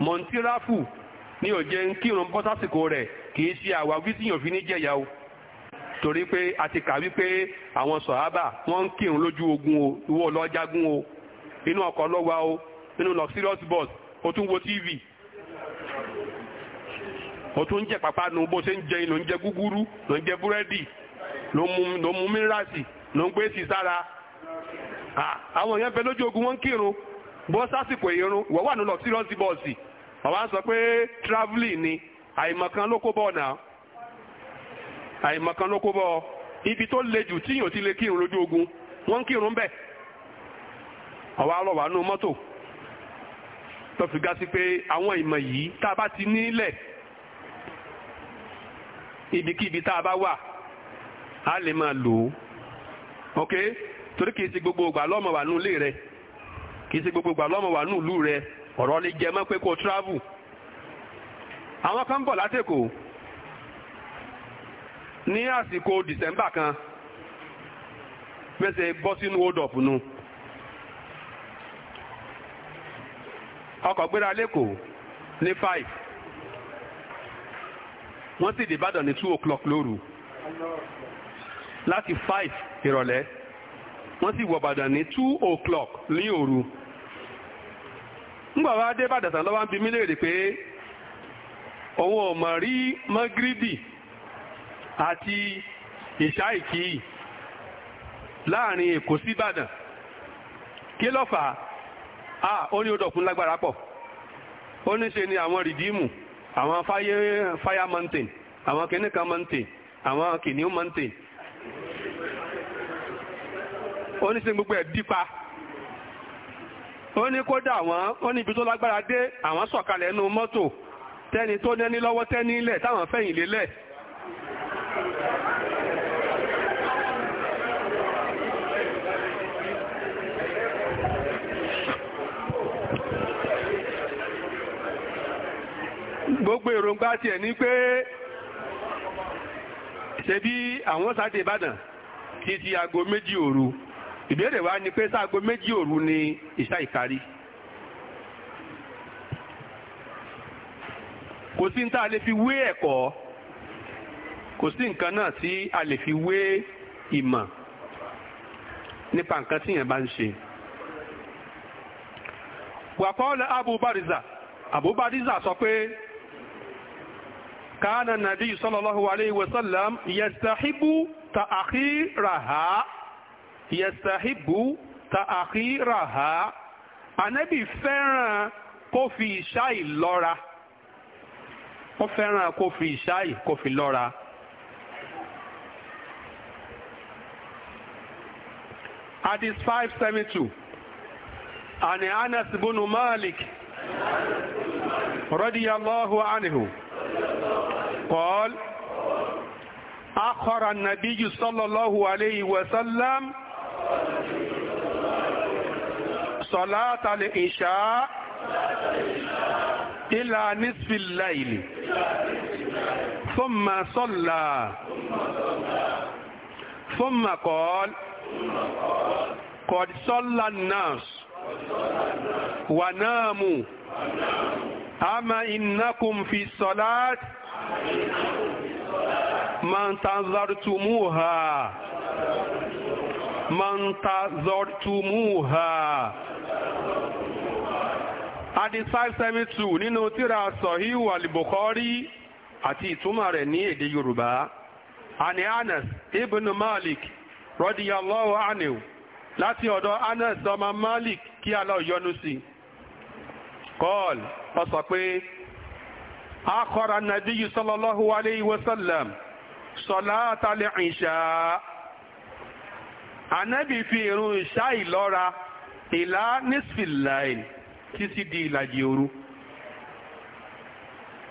mọ̀ntíràfù ní òjé ń kírun bọ́ sásìkò rẹ̀ kì í ṣe àwáwí tíyàn fi ní jẹ̀yà o torí pé a ti kà wípé àwọn sọ̀hábà wọ́n ń kírun lójú ogun o ìwọ lọ o inú ọkọ̀ ló o inú luxurious bus o tún wo tv o tún jẹ pàpánu bó ṣe ń jẹ ló ń jẹ gúgúrú ló ń jẹ búrẹ́dì ló ń mu mírasì ló ń gbé sí sára àwọn èèyàn fẹ́ lójú ogun wọ́n kírun bọ́ ìrun ìwọ wà ní luxurious bus. àwa sọ pé travelling ni àìmọ̀kan ló kó bọ̀ náà àìmọ̀kan ló kó bọ̀ ibi tó le jù tíyàn ti le kírun lójú ogun wọ́n ń kírun bẹ́ẹ̀ àwa lọ wà nù mọ́tò tó fi ga sí pé àwọn ìmọ̀ yìí tá a bá ti nílẹ̀ ibikíbi tá a bá wà a lè máa lò ó ok torí kìí ṣe gbogbo ìgbà lọ́mọ wà nù ilé rẹ kìí ṣe gbogbo ìgbà lọ́mọ wà nù ìlú rẹ. ọ̀rọ̀ lè jẹ mọ́ pé kó travel àwọn kan bọ̀ látẹ̀kọ̀ ní àsìkò December kan pèsè bọ́ sínú hold up nu ọkọ̀ gbéra lẹ́kọ̀ọ́ ní five wọ́n sì dé ní two o'clock lóru láti five ìrọ̀lẹ́ wọ́n sì wọ̀ ní two o'clock ní òru ńgbà wá dé bàdàtà lọ́wọ́ ń bi mí léèrè pé òun ò mọ̀ rí mọ́gíríbì àti ìṣáìkì láàrin èkó sí ìbàdàn kí ló fà á ó ní odòkun lágbára pọ̀ ó ní ṣe ni àwọn rìdíìmù àwọn fire mountain àwọn kìnnìkan mountain àwọn kìnnìún mountain ó ní ṣe gbogbo ẹ̀ dípa. ó ní kódà àwọn ó ní ibi tó lágbára dé àwọn sọ̀kalẹ̀ ẹnu mọ́tò tẹ́ni tó nẹ́ni lọ́wọ́ táwọn gbogbo èròǹgbà tiẹ̀ ní pé ṣe bí àwọn sáde Ìbàdàn ti ti aago méjì òru ìbéèrè wa ni pé sáàgó méjì òru ni ìṣá ìkárí kò sí nǹkan a lè fi wé ẹ̀kọ́ kò sí nǹkan náà tí a lè fi wé ìmọ̀ nípa nǹkan tí yẹn bá ń ṣe wàkọ́ọ̀lẹ̀ Abu Bariza Abu Bariza sọ pé káàna nàbí sallallahu alayhi wa sallam yastahibu ta'khiraha yastahibu ta'akhiraha anabi fẹ́ràn kó fi ìṣáì lọ́ra ó fẹ́ràn kó fi ìṣáì kó fi lọ́ra. Hadith 572 عن أنس بن مالك رضي الله عنه قال أخر النبي صلى الله عليه وسلم صلاة العشاء إلى نصف الليل ثم صلى ثم قال قد صلى الناس وناموا أما إنكم في الصلاة ما انتظرتموها mọ̀ntàzọ́tùmùhà. Adi 572 nínú tíra Sọ̀híù Àlìbùkọ́rí àti ìtumọ̀ rẹ̀ ní èdè Yorùbá. Àní Anas Ibn Malik radiyallahu anhu láti ọ̀dọ̀ Anas ọmọ Malik kí Allah yọ́nú sí. Kọ́ọ̀l ó sọ pé, Akọ̀rọ̀ Nàbíyí sallallahu alayhi wa sallam, Salata al ànábì fi irun ìṣá ìlọ́ra ìlà nísfìláìl títí di ìlàjì òru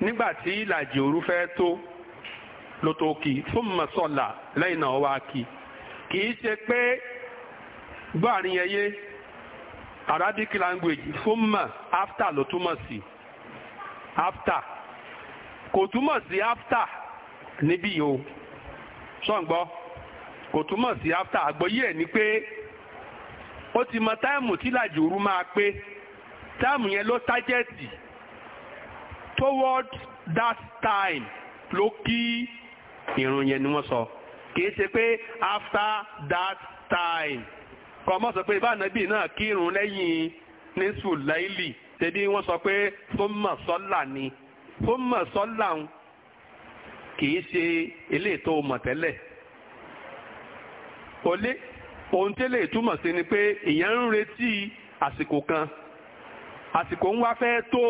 nígbà tí ìlàjì òru fẹ́ tó ló tó kì fún mọ̀sọ́là lẹ́yìn náà wá kì kì í ṣe pé gbọ́ àárín ẹyẹ Arabic language fún mọ̀ after ló túmọ̀ sí after kò túmọ̀ sí after níbí yìí o ṣọ́ǹgbọ́n kò túmọ̀ sí after àgbọ́yé ẹ̀ ni pé ó ti mọ táìmù tí làjì òru máa pé táìmù yẹn ló tájẹ́tì toward that time ló kí ìrun yẹn ni wọ́n sọ kì ṣe pé after that time kò mọ̀ sọ pé ìbánabi náà kí ìrun lẹ́yìn nísù láìlì tẹ́bí wọ́n sọ pé fúnmọ̀ sọ́là ni fúnmọ̀ sọ́là ń kì ṣe eléètò mọ̀tẹ́lẹ̀ kò lé ohun tẹ́lẹ̀ túmọ̀ sí ni pé ìyẹn ń retí àsìkò kan àsìkò ń wá fẹ́ tó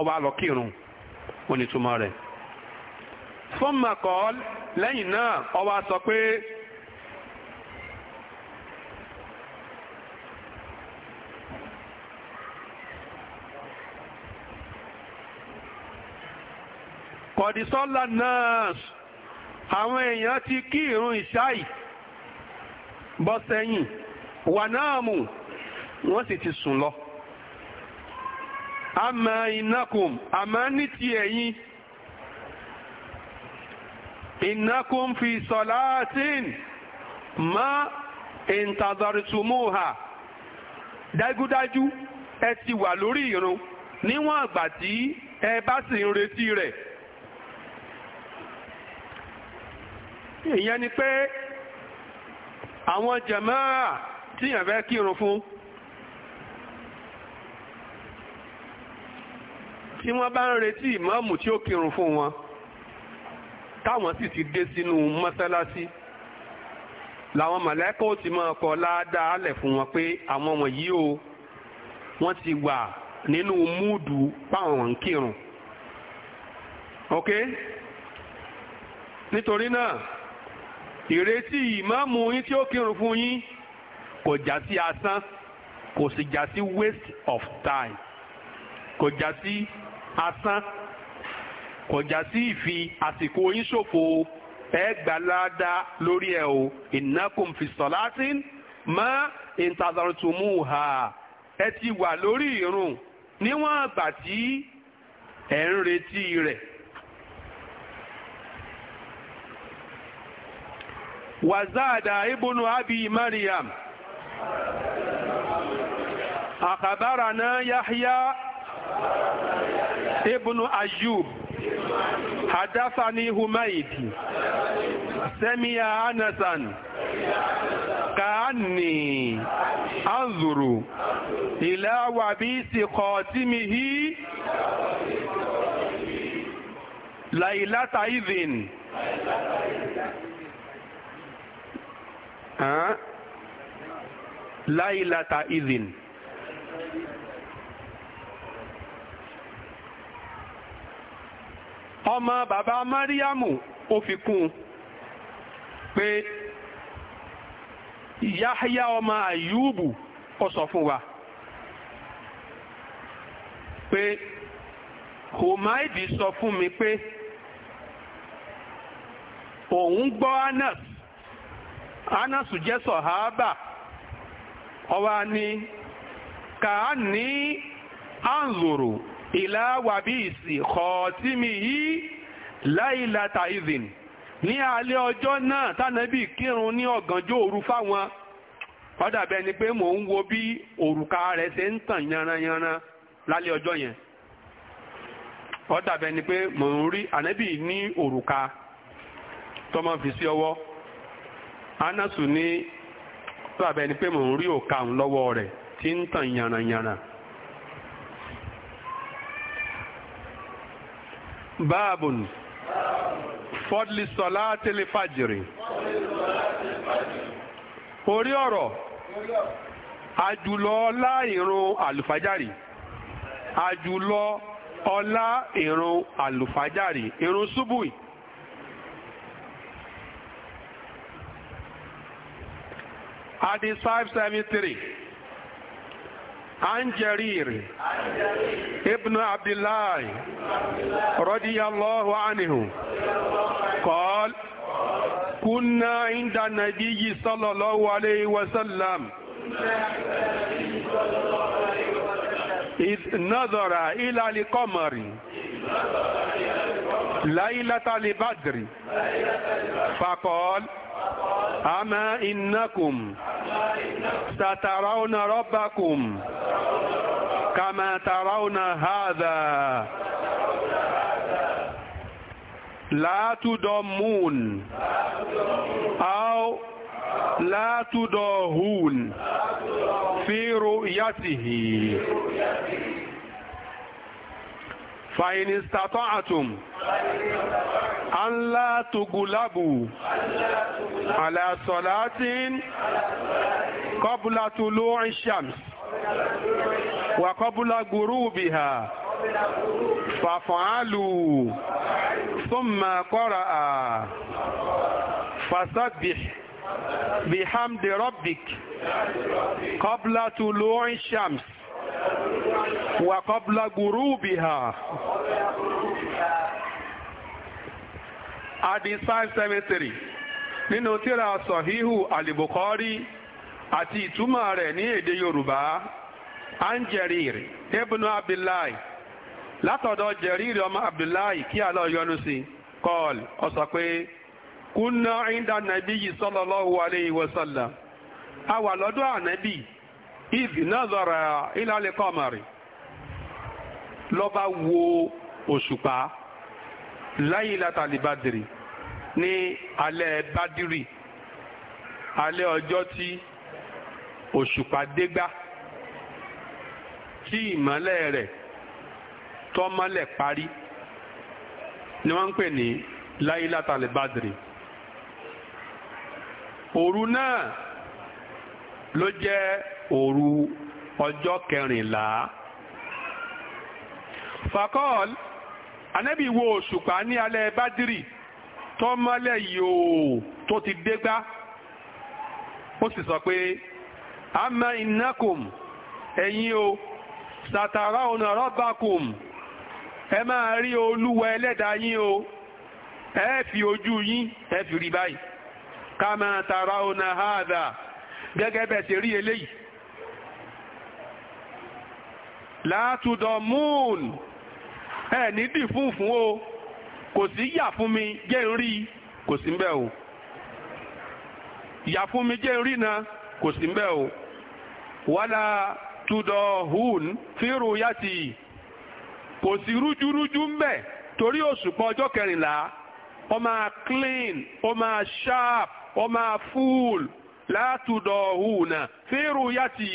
ọba lọ kírun onítúmọ̀ rẹ̀ fún makọ́l lẹ́yìn náà ọba sọ pé kọ̀dísọ́lá náà àwọn èèyàn ti kí ìrun ìṣáì bọ́ sẹ́yìn wà náà mù wọ́n sì ti sùn lọ. àmọ́ ìnákùn àmọ́ ní ti ẹ̀yìn inakun fi sọ̀láàtìn mọ́ ha dájúdájú ẹ ti wà lórí ìrún níwọ̀n àgbà tí ẹ bá sì ń retí rẹ̀. ìyẹn ni pé àwọn jàmáà tí yàn fẹ́ kírun fún tí wọ́n bá ń retí ìmáàmù tí ó kírun fún wọn táwọn sì ti dé sínú mọ́sálásí làwọn màláíkà ó ti máa kọ láádáa lẹ̀ fún wọn pé àwọn wọ̀nyí o wọ́n ti wà nínú múùdù páwọn ń kírun ok nítorí náà ìrètí ìmáàmù yín tí ó kírun fún yín kò já sí asán kò sì já sí waste of time kò já sí asán kò já sí ìfi àsìkò yín ṣòfò ẹ gbà ládàá lórí ẹ o ìnákùn fìsọ̀látín mọ́ ìtàzọ̀tùmù ha ẹ ti wà lórí ìrun níwọ̀n àgbà tí ẹ̀ ń retí rẹ̀. وزاد ابن أبي مريم أخبرنا يحيى ابن أيوب حدثني هميد سمع أنسا كأني أنظر إلى وبيس قاسمه ليلة إذن hàn láìláta ìzìn ọmọ bàbá Máríàmù ó fi kún pé Yahya ọmọ Àyúbù ó sọ fún wa pé Humaidi sọ fún mi pé òun gbọ́ Anas anasu jẹ́ sọ̀háábà ọwa ni ka a ní anzuru ìlà wàbíìsì kọ̀ọ̀tìmì yìí láìlata izin ní alẹ́ ọjọ́ náà tánàbí kírun ní ọ̀gànjọ́ òru fáwọn ọ̀dà bẹ́ẹ̀ ni pé mò ń wo bí òrùka rẹ̀ ṣe ń tàn yanranyanran lálẹ́ ọjọ́ yẹn ọ̀dà bẹ́ẹ̀ ni pé mò ń rí ànábì ní òrùka tọmọ fi sí ọwọ́. anasu ní tó àbẹ ni pé mò ń rí òka òun lọ́wọ́ rẹ̀ tí ń tàn yànnàyànnà. báàbùn fọdùlì sọlá tẹlẹ fàjìrì orí ọ̀rọ̀ àjùlọ ọlá ìrun àlùfájàrì àjùlọ ọlá ìrun àlùfájàrì ìrun Hadith 573. عن جرير ابن عبد الله رضي الله عنه قال كنا عند النبي صلى الله عليه وسلم إذ نظر إلى القمر ليلة البدر فقال أما إنكم سترون ربكم كما ترون هذا لا تضمون أو لا تضاهون في رؤيته فإن استطعتم ألا تغلبوا على صلاة قبل طلوع الشمس وقبل غروبها فافعلوا ثم قرأ فسبح بحمد ربك قبل طلوع الشمس وقبل غروبها adin 573 nínú tíra sọ̀híhù àlìbùkọ́rí àti ìtumọ̀ rẹ̀ ní èdè yorùbá an ibnu abdullahi látọ̀dọ̀ Jarir ọmọ abdullahi kí alọ́ yọnu sí kọ́ọ̀l ó pé kúnná ìdá nàbíyì sallallahu alayhi a wà lọ́dọ̀ ànábì lọ́ba wo òṣùpá láyìlátà lè bàdìrì ní alẹ́ bàdìrì alẹ́ ọjọ́ tí òṣùpá dégbà tí ìmọ́lẹ̀ rẹ̀ tọ́mọ́lẹ̀ parí ni wọ́n ń pè ní láyìlátà lè bàdìrì òru náà ló jẹ́ òru ọjọ́ kẹrìnlá fakọ́ọ̀lù. anabi wo òṣùpá ní alẹ́ bádìrì tọ́mọ́lẹ̀ yòó tó ti dégbá ó si sọ pé ama innakum ẹ̀yin o sàtàrà ọ̀nà rabbakum ẹ ma rí oluwa eleda yin o ẹ fi ojú yin, ẹ fi ri báyìí kama tàrà ọ̀nà hadha gẹ́gẹ́ bẹ́ẹ̀ ṣe ri eleyi. látùdọ̀ ẹ ní dì fún fún o kò sí yà fún mi jẹ́ ń rí kò sí mbẹ́ o yà fún mi jẹ́ ń rí náà kò sí mbẹ́ o wàlá tudọ̀ hùn fírù yàtì kò sí rújúrújú mbẹ́ torí òṣùpá ọjọ́ kẹrìnlá ó máa clean ó máa sharp ó máa full látùdọ̀ hùnà fírù yàtì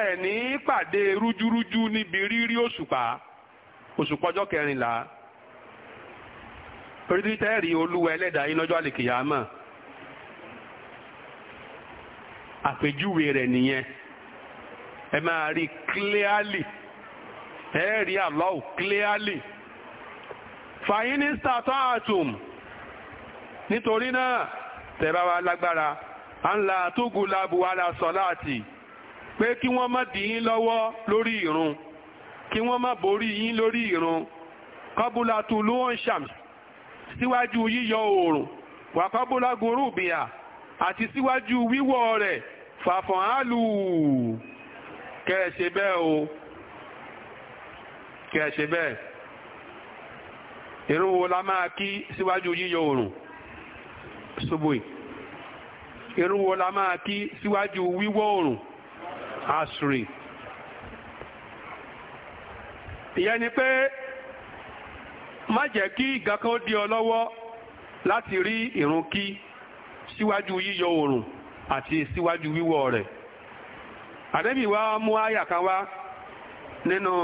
ẹ̀ ní pàdé rújúrújú níbi rírí òṣùpá. oṣù kọjọ́ kẹrìnlá pẹ̀lútẹ́ẹ̀rì olúwa ẹlẹ́dàá yín lọ́jọ́ àlèkìyàmọ̀ àpèjúwe rẹ̀ nìyẹn ẹ máa rí clearly ẹ rí Allah clearly fàyínísítà tó àtùm nítorí náà tẹ̀bá wa lágbára à ń la àtúgùn labu alasọ pé kí wọ́n má dì í lọ́wọ́ lórí ìrun kí wọ́n má borí yín lórí ìrun kọ́bùlà tùlú onsham síwájú yíyọ oòrùn wà kọ́bùlà gurubia àti síwájú wíwọ̀ rẹ̀ fàfọ̀n álù kẹ̀ẹ̀ṣẹ̀ bẹ́ẹ̀ o kẹ̀ẹ̀ṣẹ̀ bẹ́ẹ̀ ìrun wo la máa kí síwájú yíyọ oòrùn ṣubúì ìrun wo la máa kí síwájú wíwọ̀ oòrùn asùrì ìyẹn ni pé má jẹ́ kí ìgbàkan di ọ lọ́wọ́ láti rí ìrun kí síwájú yíyọ oòrùn àti síwájú wíwọ̀ rẹ̀ àdébìwá mú àyà wá nínú.